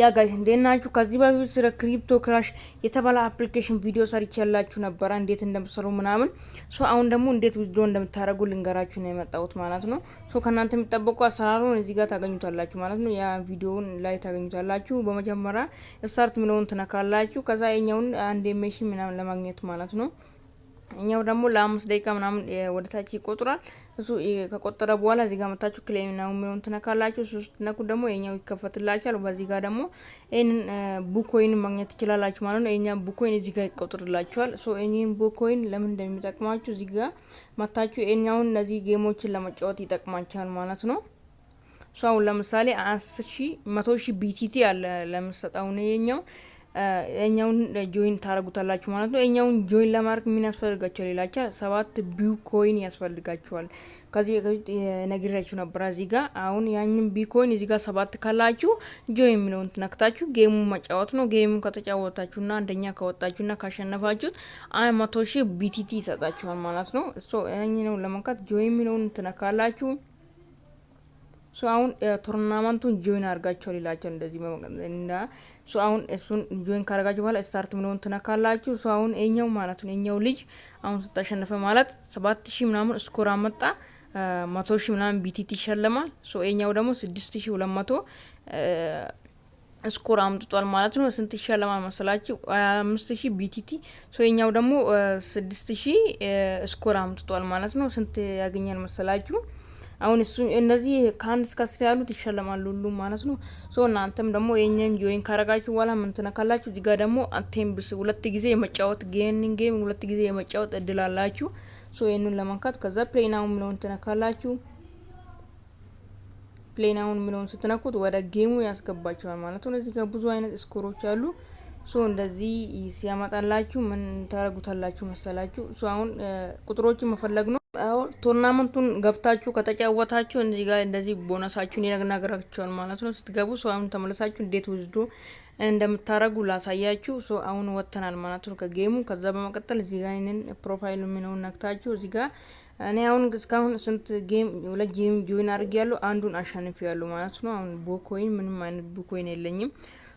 ያ ጋይስ እንዴት ናችሁ? ከዚህ በፊት ስለ ክሪፕቶ ክራሽ የተባለ አፕሊኬሽን ቪዲዮ ሰርች ያላችሁ ነበረ፣ እንዴት እንደምትሰሩ ምናምን። ሶ አሁን ደግሞ እንዴት ዊዝድሮ እንደምታደርጉ ልንገራችሁ ነው የመጣሁት ማለት ነው። ሶ ከእናንተ የሚጠበቁ አሰራሩን እዚህ ጋር ታገኙታላችሁ ማለት ነው። ያ ቪዲዮውን ላይ ታገኙታላችሁ። በመጀመሪያ ስታርት ምለውን ትነካላችሁ። ከዛ የኛውን አንድ ሜሽን ምናምን ለማግኘት ማለት ነው እኛው ደግሞ ለአምስት ደቂቃ ምናምን ወደ ታች ይቆጥራል። እሱ ከቆጠረ በኋላ እዚህ ጋር መታችሁ ክሌም ነው የሚሆን ትነካላችሁ። እሱ ስትነኩ ደግሞ የኛው ይከፈትላችኋል። በዚህ ጋር ደግሞ ይህንን ቡኮይን ማግኘት ትችላላችሁ ማለት ነው። የኛ ቡኮይን እዚህ ጋር ይቆጥርላችኋል። ሶ ይህን ቡኮይን ለምን እንደሚጠቅማችሁ እዚህ ጋር መታችሁ የኛውን እነዚህ ጌሞችን ለመጫወት ይጠቅማችኋል ማለት ነው። ሶ አሁን ለምሳሌ አስር ሺ መቶ ሺ ቢቲቲ አለ ለምሰጠው ነው የኛው የኛውን ጆይን ታደረጉታላችሁ ማለት ነው። የኛውን ጆይን ለማድረግ ምን ያስፈልጋቸዋል ሌላቻ ሰባት ቢኮይን ያስፈልጋቸዋል። ከዚህ በፊት ነግሬያችሁ ነበረ። እዚህ ጋር አሁን ያንን ቢኮይን እዚህ ጋር ሰባት ካላችሁ ጆይን የሚለውን ትነክታችሁ ጌሙ መጫወት ነው። ጌሙ ና አንደኛ ና ካሸነፋችሁት መቶ ሺህ ቢቲቲ ይሰጣችኋል ማለት ነው። እሱ ይህን ነው ለመንካት ጆይን የሚለውን ትነካላችሁ። ሶ አሁን ቱርናመንቱን ጆይን አድርጋቸው ሌላቸው እንደዚህ እና ሶ አሁን እሱን ጆይን ካደርጋችሁ በኋላ ስታርት ምንሆን ትነካላችሁ። ሶ አሁን የኛው ማለት ነው የኛው ልጅ አሁን ስታሸነፈ ማለት ሰባት ሺ ምናምን ስኮር አመጣ መቶ ሺ ምናምን ቢቲቲ ይሸለማል። ሶ የኛው ደግሞ ስድስት ሺ ሁለት መቶ ስኮር አምጥቷል ማለት ነው። ስንት ይሸለማል መሰላችሁ? አምስት ሺ ቢቲቲ። ሶ የኛው ደግሞ ስድስት ሺ ስኮር አምጥቷል ማለት ነው። ስንት ያገኛል መሰላችሁ? አሁን እሱ እነዚህ ከአንድ እስከ አስር ያሉት ይሸለማሉ ሁሉም ማለት ነው። ሶ እናንተም ደግሞ የኛን ጆይን ካረጋችሁ በኋላ ምን ትነካላችሁ? እዚጋ ደግሞ አቴምብስ ሁለት ጊዜ የመጫወት ጌኒን ጌም ሁለት ጊዜ የመጫወት እድል አላችሁ። ሶ ይህንን ለመንካት ከዛ ፕሌናውን ምለውን ትነካላችሁ። ፕሌናውን ምለውን ስትነኩት ወደ ጌሙ ያስገባችኋል ማለት ነው። እዚህ ጋር ብዙ አይነት ስኮሮች አሉ። ሶ እንደዚህ ሲያመጣላችሁ ምን ታረጉታላችሁ መሰላችሁ? ሶ አሁን ቁጥሮችን መፈለግ ነው። ቱርናመንቱን ገብታችሁ ከተጫወታችሁ እዚህ ጋር እንደዚህ ቦነሳችሁን ይነግራችኋል ማለት ነው። ስትገቡ ሰው አሁን ተመለሳችሁ እንዴት ውዝዱ እንደምታረጉ ላሳያችሁ። ሰው አሁን ወጥተናል ማለት ነው ከጌሙ። ከዛ በመቀጠል እዚህ ጋር ይህንን ፕሮፋይል የሚነውን ነክታችሁ እዚህ ጋር እኔ አሁን እስካሁን ስንት ጌም ሁለት ጌም ጆይን አድርጌ ያለሁ አንዱን አሸንፍ ያሉ ማለት ነው። አሁን ቦኮይን ምንም አይነት ቦኮይን የለኝም።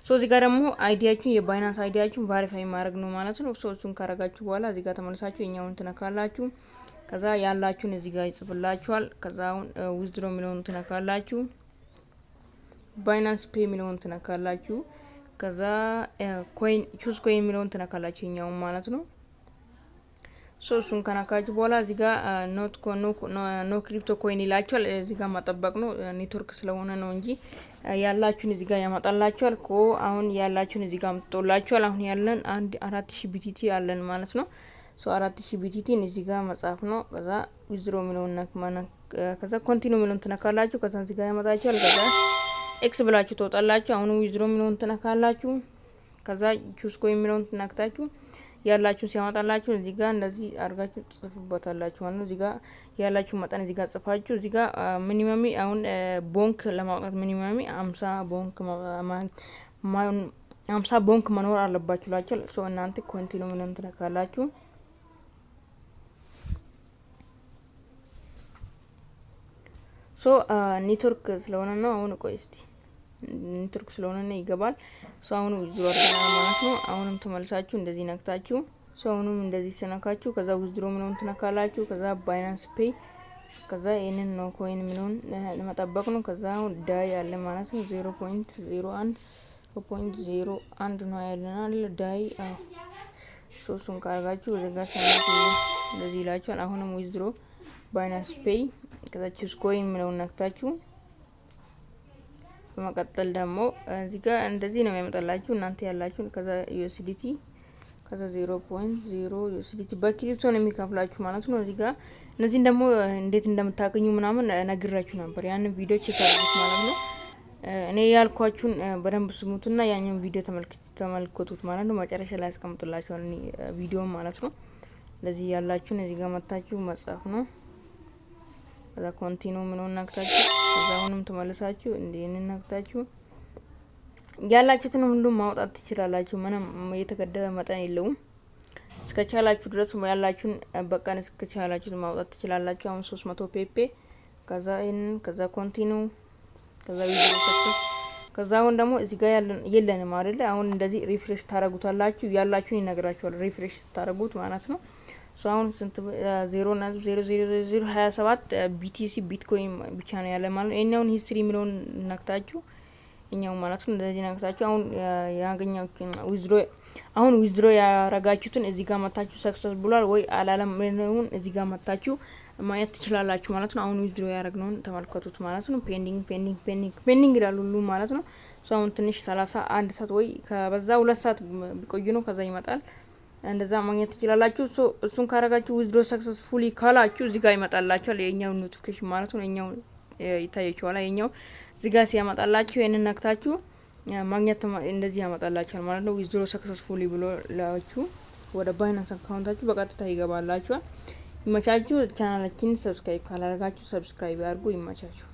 ሶ እዚህ ጋር ደግሞ አይዲያችሁን የባይናንስ አይዲያችሁን ቫሪፋይ ማድረግ ነው ማለት ነው። ሶ እሱን ካረጋችሁ በኋላ እዚህ ጋር ተመልሳችሁ የኛውን ትነካላችሁ። ከዛ ያላችሁን እዚህ ጋር ይጽፍላችኋል። ከዛ አሁን ዊዝድሮ የሚለውን ትነካላችሁ። ባይናንስ ፔ የሚለውን ትነካላችሁ። ከዛ ኮይን ቹዝ ኮይን የሚለውን ትነካላችሁ የኛውን ማለት ነው። ሶ እሱን ከነካችሁ በኋላ እዚህ ጋር ኖት ኖ ክሪፕቶ ኮይን ይላችኋል። እዚህ ጋር ማጠበቅ ነው ኔትወርክ ስለሆነ ነው እንጂ ያላችሁን እዚህ ጋር ያመጣላችኋል። ኮ አሁን ያላችሁን እዚህ ጋር አምጥቶላችኋል። አሁን ያለን አንድ አራት ሺ ቢቲቲ አለን ማለት ነው። ሶ አራት ሺ ቢቲቲን እዚህ ጋር መጻፍ ነው። ከዛ ዊዝድሮ የሚለውን ከዛ ኮንቲኑ የሚለውን ትነካላችሁ። ከዛ እዚህ ጋር ያመጣችኋል። ከዛ ኤክስ ብላችሁ ትወጣላችሁ። አሁን ዊዝድሮ የሚለውን ትነካላችሁ። ከዛ ቹስኮ የሚለውን ትነክታችሁ ያላችሁ ሲያመጣላችሁ እዚህ ጋር እንደዚህ አድርጋችሁ ጽፉበታላችሁ ማለት ነው። እዚህ ጋር ያላችሁ መጠን እዚህ ጋር ጽፋችሁ እዚህ ጋር ሚኒመሚ አሁን ቦንክ ለማውጣት ሚኒመሚ አምሳ ቦንክ አምሳ ቦንክ መኖር አለባችሁ ላችኋል። ሶ እናንተ ኮንቲኑ ምንም ትነካላችሁ። ሶ ኔትወርክ ስለሆነ ነው። አሁን ቆይ እስቲ ኔትወርክ ስለሆነ ነው ይገባል። ሶ አሁን ዊዝድሮ ማለት ነው። አሁንም ተመልሳችሁ እንደዚህ ነክታችሁ ሶ አሁንም እንደዚህ ስነካችሁ ከዛ ዊዝድሮ ምንሆን ትነካላችሁ። ከዛ ባይናንስ ፔይ ከዛ ይህንን ነው ኮይን ምንሆን መጠበቅ ነው። ከዛ አሁን ዳ ያለ ማለት ነው ዜሮ ፖይንት ዜሮ አንድ ፖይንት ዜሮ አንድ ነው ያለናል ዳይ ሶሱን ካርጋችሁ ወደጋ እንደዚህ ይላችኋል። አሁንም ዊዝድሮ ባይናንስ ፔይ ከታች ስኮይ የሚለውን ነክታችሁ በመቀጠል ደግሞ እዚህ ጋር እንደዚህ ነው የሚያመጣላችሁ እናንተ ያላችሁ ከዛ ዩኤስዲቲ ከዛ ዜሮ ፖይንት ዜሮ ዩኤስዲቲ በክሪፕቶ ነው የሚከፍላችሁ ማለት ነው። እዚህ ጋር እነዚህን ደግሞ እንዴት እንደምታገኙ ምናምን ነግራችሁ ነበር። ያንን ቪዲዮ ቼክ ማለት ነው። እኔ ያልኳችሁን በደንብ ስሙትና ያኛውን ቪዲዮ ተመልከቱት ማለት ነው። መጨረሻ ላይ ያስቀምጡላችኋል ቪዲዮ ማለት ነው። ለዚህ ያላችሁን እዚህ ጋር መታችሁ መጻፍ ነው። ከዛ ኮንቲኑ ምንሆን ነክታችሁ ከዛ አሁንም ትመልሳችሁ እንዲህንን ነክታችሁ ያላችሁትን ሁሉ ማውጣት ትችላላችሁ። ምንም የተገደበ መጠን የለውም። እስከቻላችሁ ድረስ ያላችሁን በቀን እስከቻላችሁት ማውጣት ትችላላችሁ። አሁን ሶስት መቶ ፔፔ ከዛ ይህንን ከዛ ኮንቲኑ ከዛ ከዛ አሁን ደግሞ እዚህ ጋር ያለን የለንም አይደለ? አሁን እንደዚህ ሪፍሬሽ ታረጉታላችሁ። ያላችሁን ይነግራችኋል ሪፍሬሽ ስታረጉት ማለት ነው። ሶ አሁን ስንት ዜሮ ና ዜሮ ዜሮ ዜሮ ሀያ ሰባት ቢቲሲ ቢትኮይን ብቻ ነው ያለ ማለት ነው። ይህኛውን ሂስትሪ የሚለውን ነክታችሁ እኛው ማለት ነው እንደዚህ ነክታችሁ አሁን ያገኛ ዊዝድሮ አሁን ዊዝድሮ ያረጋችሁትን እዚህ ጋር መታችሁ ሰክሰስ ብሏል ወይ አላለም ነውን እዚህ ጋር መታችሁ ማየት ትችላላችሁ ማለት ነው። አሁን ዊዝድሮ ያደረግነውን ተመልከቱት ማለት ነው። ፔንዲንግ ፔንዲንግ ፔንዲንግ ፔንዲንግ ይላል ሁሉ ማለት ነው። ሶ አሁን ትንሽ ሰላሳ አንድ ሰዓት ወይ ከበዛ ሁለት ሰዓት ቢቆዩ ነው ከዛ ይመጣል። እንደዛ ማግኘት ትችላላችሁ። እሱን ካረጋችሁ ዊዝድሮ ሰክሰስፉሊ ካላችሁ እዚህ ጋር ይመጣላችኋል። የኛው ኖቲፊኬሽን ማለት ነው። የኛው ይታያችኋል። የኛው እዚህ ጋር ሲያመጣላችሁ ይህንን ነክታችሁ ማግኘት እንደዚህ ያመጣላችኋል ማለት ነው። ዊዝድሮ ሰክሰስፉሊ ብሎ ላችሁ ወደ ባይናንስ አካውንታችሁ በቀጥታ ይገባላችኋል። ይመቻችሁ። ቻናላችን ሰብስክራይብ ካላረጋችሁ ሰብስክራይብ አድርጉ። ይመቻችሁ።